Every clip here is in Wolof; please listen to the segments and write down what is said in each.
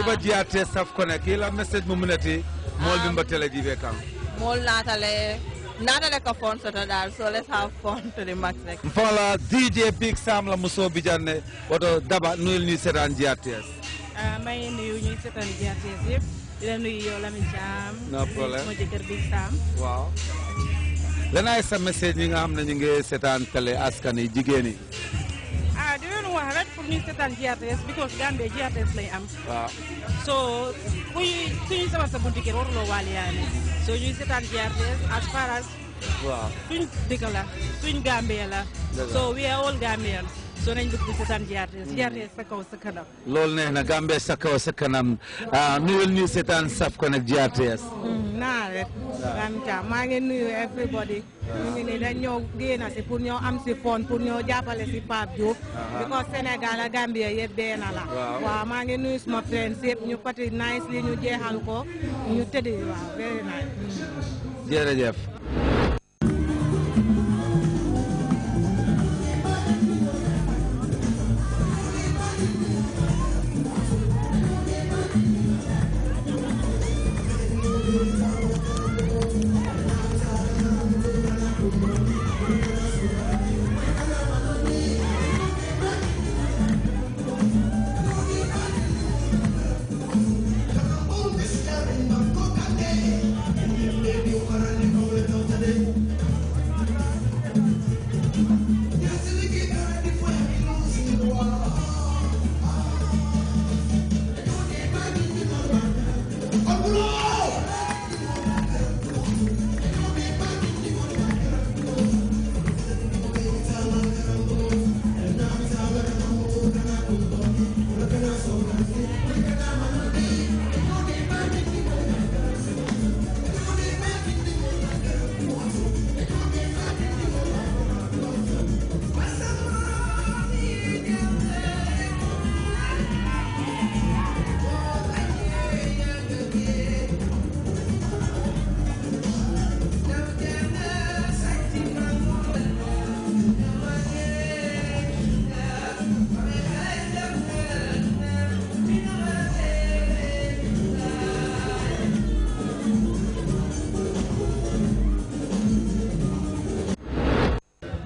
iba jiyate saf kone kila message mo munati mol um, bimba tele jive kam mol natale natale ka fon soto dal so let's have fun to the max next fala dj big sam la muso bijanne woto daba nuyul ni setan jiyates ah uh, may nuyu ñi setan jiyates yep dina nuyu yow lamin jam no problem mo jëkër big sam waaw lana sa message ñi nga xamne ñi ngi setan tele askan yi jigéen yi pour ñu because Gambia GRTS lay am. waaw soo kuy suñu sa bunti kër waruloo waaliyaane soo ñuy seetaan GRTS as far as. waaw suñ dëkk la suñ la. so we are all Gambians. so nañ bëgg di GRTS GRTS sa kaw sa kanam loolu neex na Gambia sa kaw sa kanam ah, nuyul saf ko nag GRTS naa rek Ramita maa ngi nuyu everybody ñu ngi nii ñoo génn si pour ñoo am si fon pour ñoo jàppale si Pape Diouf because Sénégal a Gambia yëpp benn la maa ngi nuyu suma friends ñu pati nice ñu jeexal ko ñu tëddi waaw very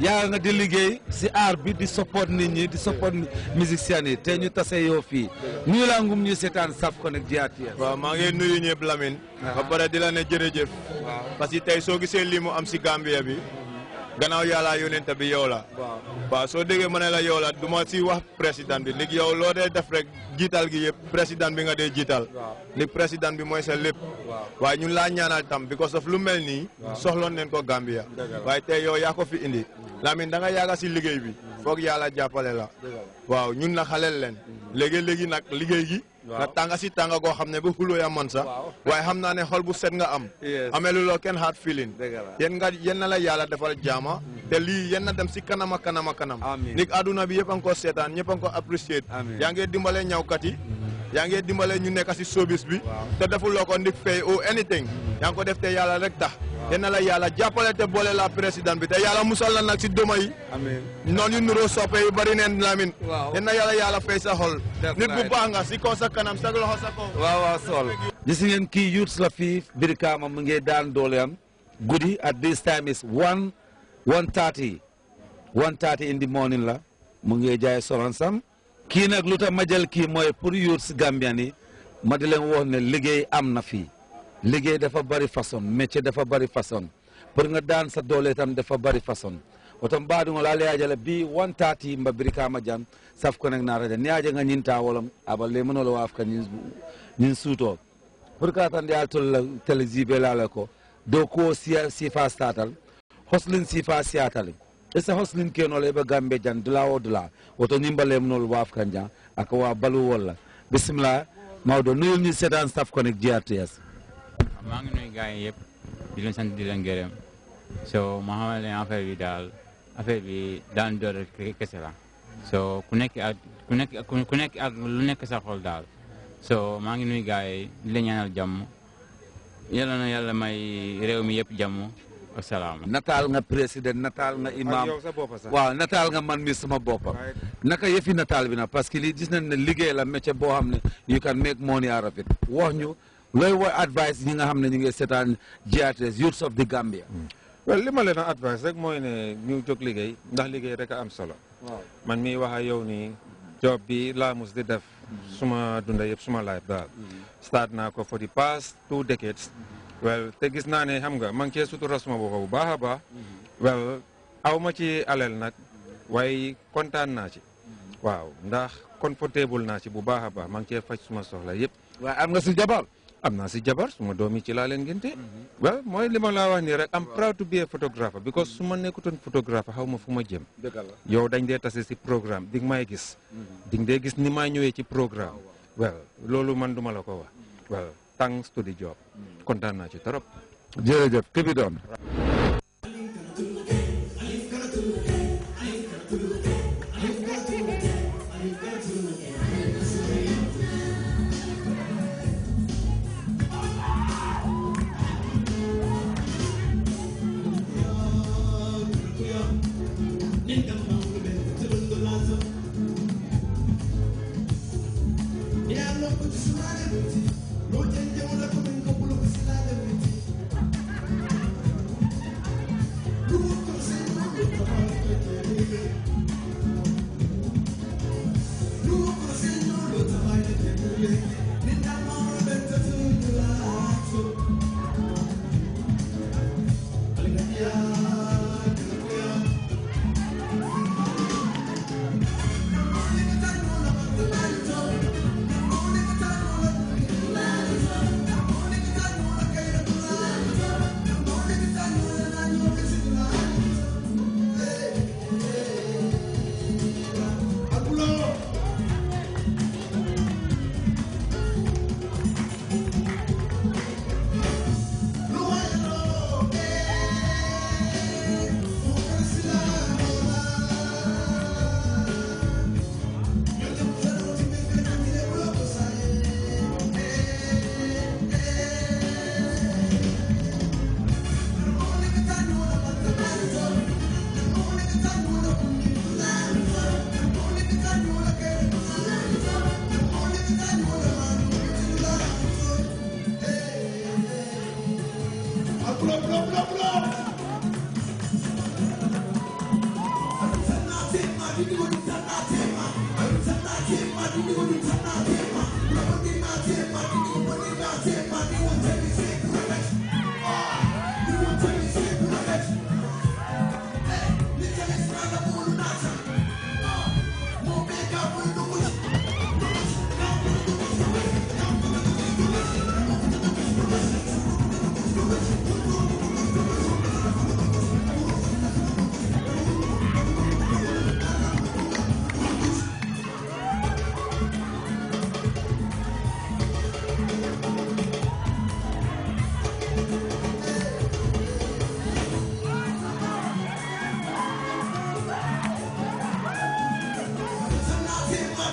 yaa nga di liggéey si aar bi di support nit ñi di support musiciens yi te ñu tase yoo fii nuyu laa ngum ñu seetaan saf ko nag jiyaat waaw maa ngi nuyu ñëpp lamin ah. ba pare di la ne jërëjëf parce que tey soo gisee lii mu am si Gambia bi gannaaw yàlla yónent bi yow la. waaw soo déggee ma ne la yow la du ma si wax président bi léegi yow loo dee def rek jiital gi yëpp président bi nga dee jiital. léegi président bi mooy sa lépp. waaye ñun laa ñaanal tam because of lu mel nii. soxloon neen ko Gambia. waaye te yow yaa ko fi indi. Mm. Lamin da nga yaaga si liggéey bi. Mm. foog yàlla jàppale la. waaw ñun na xaleel leen. Mm. léegi léegi nag liggéey gi. nga tànga si tànga goo xam ne bu xuloo ya man waaye xam naa ne xol bu set nga am amee lu loo kenn hard feeling yéen nga yéen na la yàlla defal jaama mm. te lii yéen na dem si kanama kanama kanam nit àdduna bi yëpp a ngi ko seetaan ñëpp a ngi ko apprécier yaa ngee dimbalee ñawkat yi mm. yaa ngee dimbalee ñu nekk si service bi te defuloo ko ndik fay ou anything mm. yaa ngi ko def te yàlla rek tax yal na la yàlla jàppale te boole la président bi te yàlla musal na nag si duma yi. amiin noonu yu nuroo soppe yu Lamin. waaw na yàlla yàlla fay sa nit bu baax nga si kaw sa kanam sa loxo sa kaw. waaw waaw kii youths la fii Brikama mu ngi daan dooleem guddi at this time is one one thirty one thirty in the morning la mu ngi jaay solansam kii nag lu tax ma jël kii mooy pour youths Gambian yi ma di leen wax liggéey am na fii. liggéey dafa bari façon métier dafa bari façon pour nga daan sa doole itam dafa bari façon otom baɗugol ala yajala bi wontati yimɓe birikama jan saf konek natade ni yaja ga ñinta wolom aba lemunol waf ka ñin suuto pour que tan yal tolla tele jibe lala ko dow ko siya sifa statal hoslin sifa siyatale e so hoslin kenol eɓe gambe jan dula o dula woto ñimba lemunol waf kan jan aka wa balu wolla bisimilla mawɗo nuyolni sétan saf konek jrts maa ngi nuyu gars yi yëpp di leen sant di leen gërëm xamal leen affaire bi daal affaire bi daan door kese la so ku nekk ak ku ku nekk ak lu nekk sa xol daal so maa ngi nuyu gars yi ñaanal jàmm yàlla na yàlla may réew mi yëpp jàmm asalaam nataal nga président nataal nga imam waaw nataal nga man mi sama boppa naka yëfi nataal bi na parce que lii gis nañ ne liggéey la métier boo xam ne you can make money out it wax ñu looy woy advice ñi nga xam ne ñu ngi seetaan GRTS Youths of the Gambia. li ma leen a advice rek mooy ne ñu jóg liggéey ndax liggéey rek am solo. man mii wax ak yow nii job bi laa mus di def. suma dunda yëpp suma life daal. start naa ko for the past two decades. te gis naa ne xam nga man cee sutura suma bopp bu baax a baax. well aw ma ci alal nag. waaye kontaan naa ci. waaw ndax comfortable naa ci bu baax a baax maa ngi cee faj suma soxla yëpp. am nga si jabar. amna si jabar suma domi ci la len ngénte waaw moy lima la wax ni rek am proud to be a photographer because hmm. suma ma photographer xaw fuma fu ma jëm yow dañ dé tassé ci programme di may gis hmm. di dé gis ni maa ñëwé ci programme oh, waaw lolu man duma la ko hmm. wax waaw thanks to the job kontaan naa ci trop jërëjëf kibi doon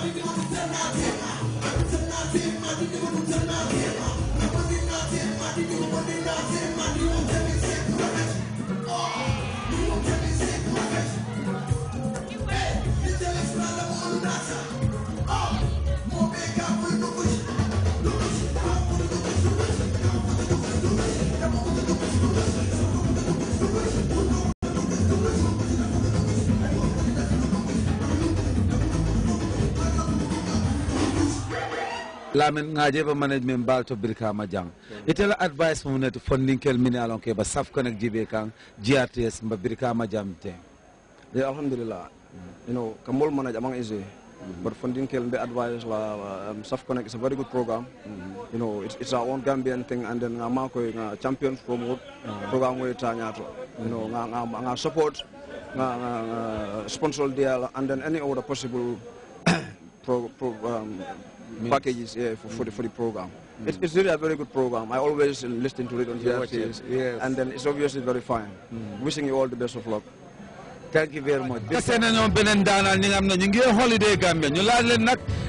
I'm not tell my tell my team, tell my team, tell tell lamin ngaje ba management bal to birka ma jang itela advice mo net funding kel mini alon ke ba saf ak jibe kan GRTS ba birka ma jam te yeah, alhamdulillah you know kamol manage among easy mm-hmm. but funding kel be advice la um, saf konak is a very good program mm -hmm. you know it's, it's our own Gambian thing and then nga ma ko nga champions promote mm-hmm. program we ta to you know nga nga, nga support nga, nga, nga uh, sponsor dia and then any other possible pro, pro, um, packages yeah, for, for, the, mm. for the program. Mm. It's, it's, really a very good program. I always listen to it on yes, radio, yes. and then it's obviously very fine. Mm. Wishing you all the best of luck. Thank you very much. ñi holiday Gambia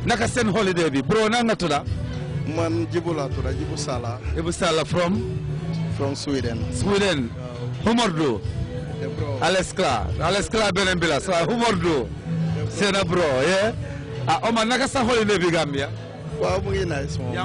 naka holiday bi bro na nga man Jibu Jibu Sala. Jibu Sala from. from Sweden. Sweden. so bro yeah. ah Omar naka sa holiday bi Gambia waaw mu ngi nice moom